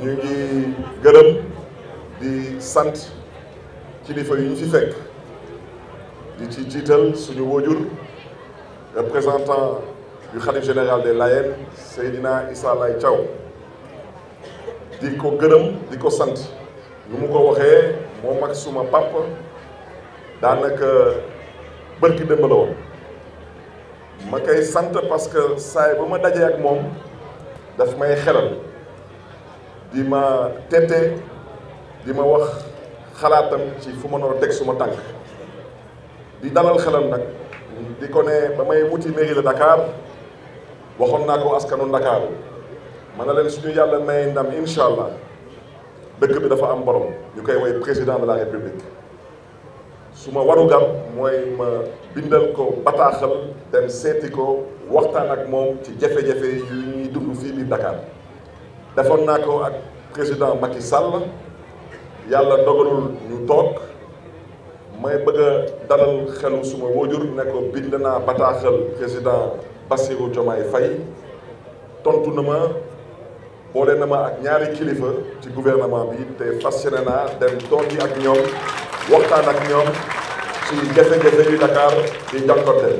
ñu ngi gërëm di sant kilifa yu ñu fi fekk di ci jiital suñu wajur représentant du xalif général des Layènes Seydina Issa Laye Thiaw di ko gërëm di ko sant ñu mu ko waxee moom ak suma papa daanaka bërki démb la woon ma koy sant parce que saay ba ma dajee ak moom daf may xelal di ma tete di ma wax xalaatam ci fu ma noo teg suma tànk di dalal xelam nag di ko ne ba may wuti mairie de Dakar waxoon naa ko askanu Dakar man ne leen suñu yàlla may ndam incha allah bi dafa am borom ñu koy woy président de la république su ma warugal mooy ma bindal ko bataaxal dem seeti ko waxtaan ak moom ci jafe-jafe yu ñuy dund fii biir Dakar. defoon naa ko ak président Macky sàll yàlla dogalul ñu toog may bëgg a dalal xelu suma wóojur ne ko bind naa bataaxal président Bassirou Diomaye Faye tontu na ma boole na ma ak ñaari kilifa ci gouvernement bi te fas yéene naa dem toog yi ak ñoom waxtaan ak ñoom ci jafe-jafe yu Dakar di jànkoonte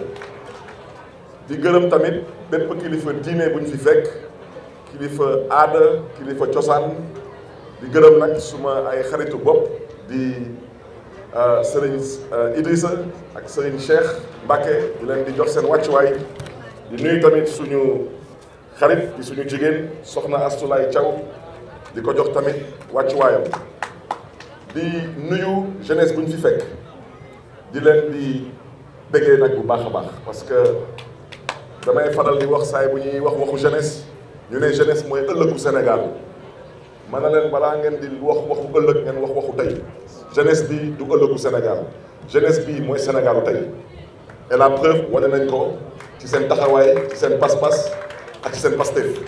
di gërëm tamit bépp kilifa diine bu ñu fi fekk kilifa aada kilifa cosaan di gërëm nag suma ay xaritu bopp di euh, sëriñ euh, Idrissa ak sëriñ Cheikh Mbacke di leen di jox seen wàccuwaay di nuyu tamit suñu xarit di suñu jigéen soxna Astulaay Thiaw di ko jox tamit wàccuwaayam di nuyu jeunesse buñ ñu fi fekk di leen di bëggee nag bu baax a baax parce que damay faral di wax saay bu ñuy wax waxu jeunesse ñu ne jeunesse mooy ëllëgu Sénégal mën na leen balaa ngeen di wax waxu ëllëg ngeen wax waxu tey jeunesse bi du ëllëgu Sénégal jeunesse bi mooy Sénégalu tey et la preuve nañ ko ci seen taxawaay ci seen pas-pas ak ci seen Pastef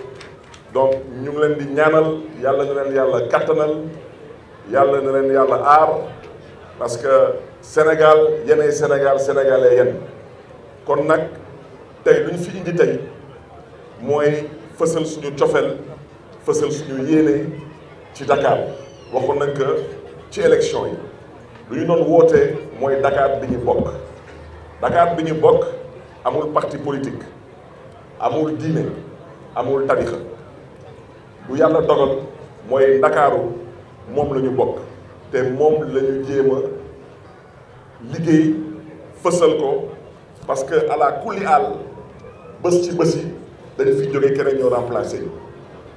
donc ñu ngi leen di ñaanal yàlla na leen yàlla kattanal yàlla na leen yàlla aar parce que Sénégal yeneen Sénégal sénégalais yéen kon nag tey lu ñu fi indi tey mooy. fësal suñu cofeel fësal suñu yéene ci Dakar waxoon nañ que ci élection yi lu ñu doon wootee mooy Dakar bi ñu bokk Dakar bi ñu bokk amul parti politik amul diine amul tarixa lu yàlla dogal mooy Ndakaaru moom la ñu bokk te moom la ñu liggéey fësal ko parce que à la ci bés yi dañu fi jógee keneen ñoo remplacé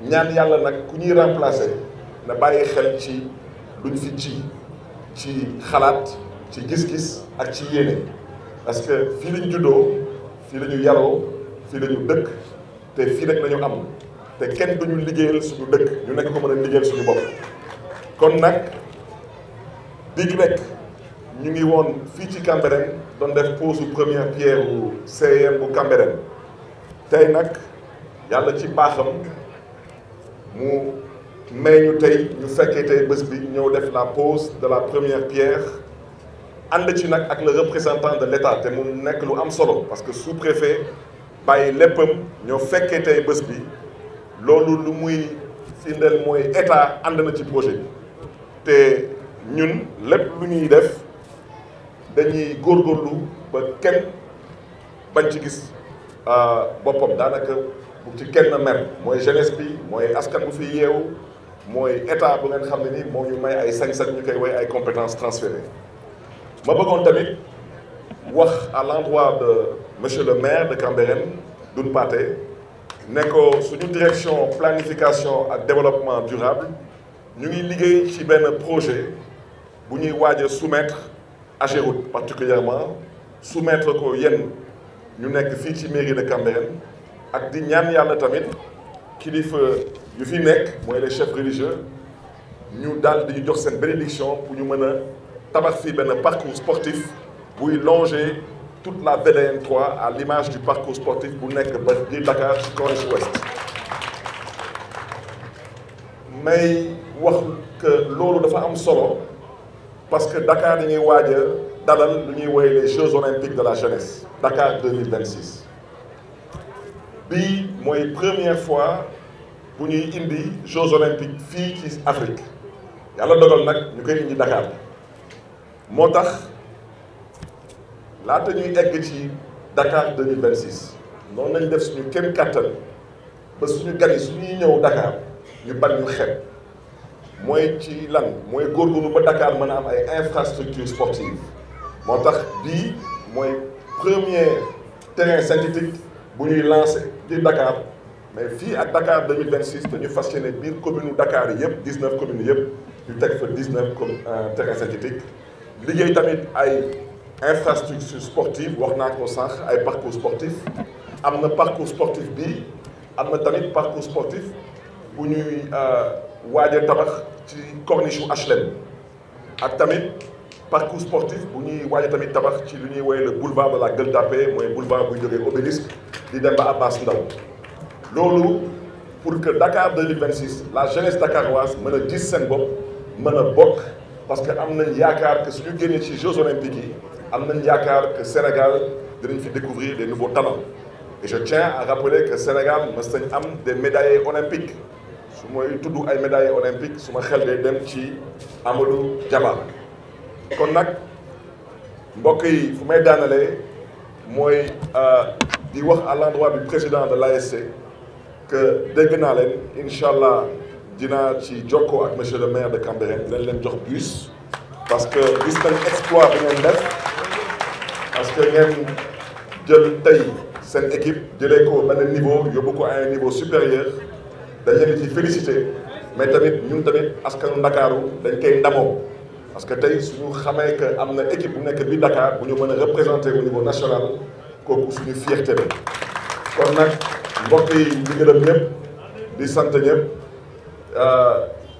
ñaan yàlla nag ku ñuy remplacé na bàyyi xel ci lu ñu fi ci ci xalaat ci gis-gis ak ci yéene parce que fii la ñu juddoo fii la ñu fii la dëkk te fii rek la am te kenn duñu liggéeyal suñu dëkk ñu nekk ko mën a liggéeyal suñu bopp kon nag dig rek ñu ngi woon fii ci Cambérène doon def pose première pierre bu CEM bu Cambérène tey nag yàlla ci baaxam mu may ñu tey ñu fekkee tey bés bi ñëw def la pose de la première pierre ànd ci nag ak le représentant de l'État te mu nekk lu am solo parce que sous-préfet bàyyi léppam ñoo fekkee tey bés bi loolu lu muy sindeel mooy état ànd na ci projet bi te ñun lépp lu ñuy def dañuy góorgóorlu ba kenn bañ ci gis euh, boppam daanaka bu ci kenn mer mooy jeunesse bi mooy askan bu fi yew mooy état bu ngeen xam ne nii moo ñu may ay sañ-sañ ñu koy way ay compétences transférées ma bëggoon tamit wax à l'endroit de monsieur le maire de Cambérène Doudou Pathé ne ko suñu direction planification ak développement durable ñu ngi liggéey ci benn projet bu ñuy waaj a soumettre Ageroute particulièrement soumettre ko yenn ñu nekk fii ci mairie de Cambérène ak di ñaan yàlla tamit kilifa yu fi nekk mooy les chefs religieux ñu daal di ñu jox seen bénédiction pour ñu mën a tabax fii benn parcours sportif buy longer tout la VDN 3 à l'image du parcours sportif bu nekk ba di Dakar ci Corniche Ouest may wax que loolu dafa am solo parce que Dakar dañuy waaj a dalal lu ñuy woowee les Jeux olympiques de la jeunesse Dakar 2026 bii mooy première fois bu ñuy indi Jeux olympiques fii ci Afrique yàlla dogal nag ñu koy indi Dakar moo tax laata ñuy egg ci Dakar 2026 noonu lañ def suñu kéem kàttan ba suñu gan yi suñuy ñëw Dakar ñu ban ñu xeeb mooy ci lan mooy góorgóorlu ba Dakar mën a am ay infrastructures sportives moo tax bii mooy premier terrain synthétique bu ñuy lancé ci Dakar mais fii ak Dakar 2026 te ñu fas yéene biir commune Dakar yi yëpp 19 communes yëpp ñu teg fa 19 communes euh, terrain synthétique liggéey tamit ay infrastructure sportive wax naa ko sànq ay parcours sportif am na parcours sportif bii am na tamit parcours sportif bu ñuy euh, waaj a tabax ci corniche HLM ak tamit. parcours sportif bu ñuy waaj tamit tabax ci lu ñuy woowee le boulevard de la Gueule Tapée mooy boulevard buy jógee obélisque di dem ba Abbas Ndao loolu pour que Dakar 2026 la jeunesse dakaroise mën a gis seen bopp mën a bokk parce que am nañ yaakaar que suñu génnee ci Jeux olympiques yi am nañ yaakaar que Sénégal dinañ fi découvrir des de talents et je tiens à rappeler que Sénégal mës nañ am des médaillés olympiques su may tudd ay médaillés olympiques su ma xel day dem ci Amadou Diaba kon nag mbokk yi fu may daanalee mooy euh, di wax à l'endroit du président de l'ASC que dégg naa leen incha allah dinaa ci jokkoo ak monsieur le maire de Cambérène dinañ leen jox bus parce que gis nañ exploit bi ngeen def parce que ngeen jël tey seen équipe jëlee ko benn niveau yóbbu ko à un niveau supérieur dañ leen ci félicité mais tamit ñun tamit askanu Ndakaaru dañ koy ndamoo parce que tey suñu xamee que am na équipe bu nekk bi Dakar bu ñu mën a représenter au niveau national kooku suñu fierté la kon nag mbokk yi di gërëm ñëpp di sant ñëpp euh,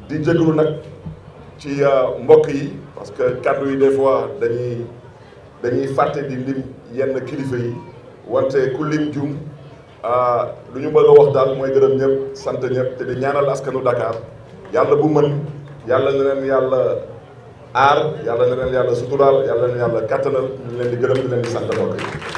di jégalu nag ci euh, mbokk yi parce que kàddu yi des fois dañuy dañuy fàtte di lim yenn kilifa yi wante ku lim jum euh, lu ñu bëgg a wax daal mooy gërëm ñëpp sant ñëpp te di ñaanal askanu Dakar yàlla bu mën yàlla na yàlla. aar yàlla na leen yàlla suturaal yàlla na leen yàlla kattanal ñu leen di gërëm di leen di sant mbokk yi